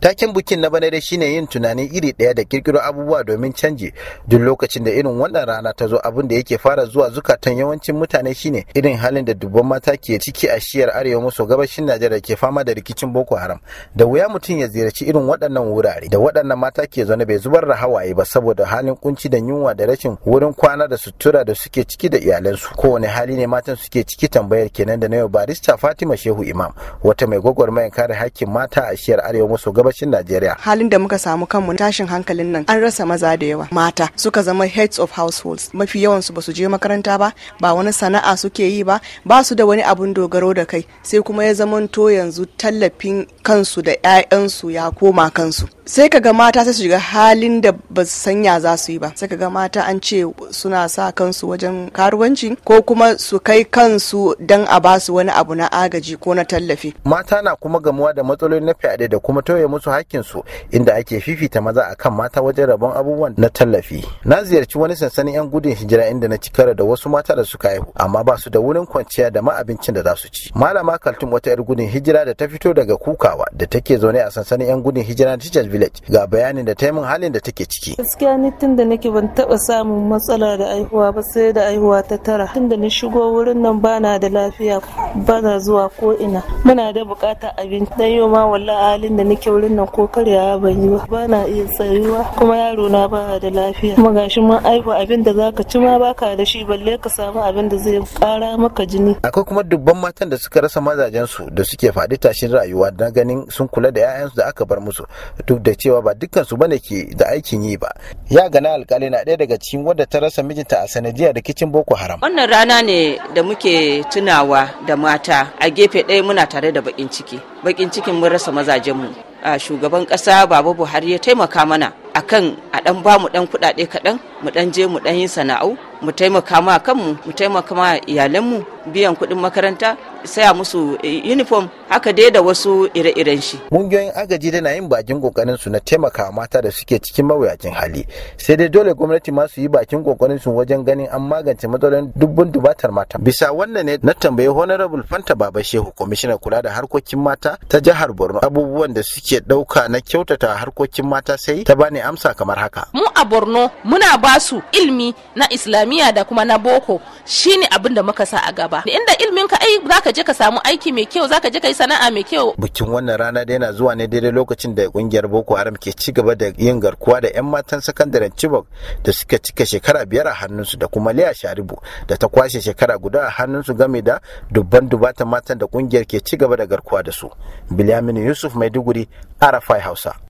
Takin bukin na bana dai shine yin tunani iri ɗaya da kirkiro abubuwa domin canji duk lokacin da irin wannan rana ta zo abin da yake fara zuwa zukatan yawancin mutane shine irin halin da dubban mata ke ciki a shiyar arewa maso gabashin Najeriya ke fama da rikicin Boko Haram. Da wuya mutum ya ziyarci irin waɗannan wurare da waɗannan mata ke zaune bai zubar da hawaye ba saboda halin kunci da yunwa da rashin wurin kwana da sutura da suke ciki da iyalansu. Kowane hali ne matan suke ciki tambayar kenan da na yau barista Fatima Shehu Imam wata mai gwagwarmayar kare hakkin mata a shiyar arewa maso gabashin gabashin Najeriya. Halin da muka samu kanmu tashin hankalin nan an rasa maza da yawa mata suka zama heads of households mafi yawan su basu je makaranta ba ba wani sana'a suke yi ba ba su da wani abun dogaro da kai sai kuma ya zamanto yanzu tallafin kansu da 'ya'yansu ya koma kansu. sai ka ga mata sai su shiga halin da ba su sanya za su yi ba sai kaga mata an ce suna sa kansu wajen karuwanci ko kuma su kai kansu don a ba su wani abu na agaji ko na tallafi mata na kuma gamuwa da matsaloli na fyaɗe da kuma musu. musu su inda ake fifita maza akan mata wajen rabon abubuwan na tallafi na ziyarci wani sansanin yan gudun hijira inda na ci da wasu mata da suka haihu amma ba su da wurin kwanciya da ma abincin da za su ci malama kaltum wata yar gudun hijira da ta fito daga kukawa da take zaune a sansanin yan gudun hijira na tijas village ga bayanin da ta yi min halin da take ciki gaskiya ni tun da nake ban taba samun matsala da aihuwa ba sai da aihuwa ta tara tun da ni shigo wurin nan bana da lafiya bana zuwa ko ina muna da bukata abinci dan yau ma wallahi halin da nake wurin wannan ko karya ban yi ba ba na iya tsayuwa kuma yaro na ba da lafiya kuma gashi mun aihu abin da zaka ci ma baka da shi balle ka samu abin da zai kara maka jini akwai kuma dubban matan da suka rasa mazajen su da suke fadi tashin rayuwa na ganin sun kula da 'ya'yansu da aka bar musu duk da cewa ba dukkan su bane ke da aikin yi ba ya gana alkali na ɗaya daga cikin wadda ta rasa mijinta a sanadiyar rikicin boko haram wannan rana ne da muke tunawa da mata a gefe ɗaya muna tare da bakin ciki bakin cikin mun rasa mazajenmu shugaban ƙasa baba buhari ya taimaka mana akan a ɗan ba mu ɗan kuɗaɗe kaɗan mu ɗan je mu ɗan yi sana'u mu taimaka ma kanmu mu taimaka ma iyalanmu biyan kuɗin makaranta saya musu eh, uniform Aka dai da wasu ire-iren shi. Mungiyoyin agaji da na yin bakin kokarin su na taimaka mata da suke cikin mawuyacin hali. Sai dai dole gwamnati ma su yi bakin kokarin su wajen ganin an magance matsalolin dubbun dubatar mata. Bisa wannan ne na tambayi Honorable Fanta Baba Shehu kwamishinar kula da harkokin mata ta jihar Borno abubuwan da suke ɗauka na kyautata harkokin mata sai ta bani amsa kamar haka. Mu a Borno muna basu ilmi na Islamiyya da kuma na Boko shine abin da muka sa a gaba. Inda ilmin ka ai zaka je ka samu aiki mai kyau zaka je ka yi sana'a mai kyau bikin wannan rana da yana zuwa ne daidai lokacin da kungiyar boko haram ke ci gaba da yin garkuwa da 'yan matan sakandaren chibok da suka cika shekara biyar a hannunsu da kuma liya sharibu da ta kwashe shekara guda a hannunsu game da dubban dubatan matan da kungiyar ke ci gaba da garkuwa da su bilyamin yusuf maiduguri arafai hausa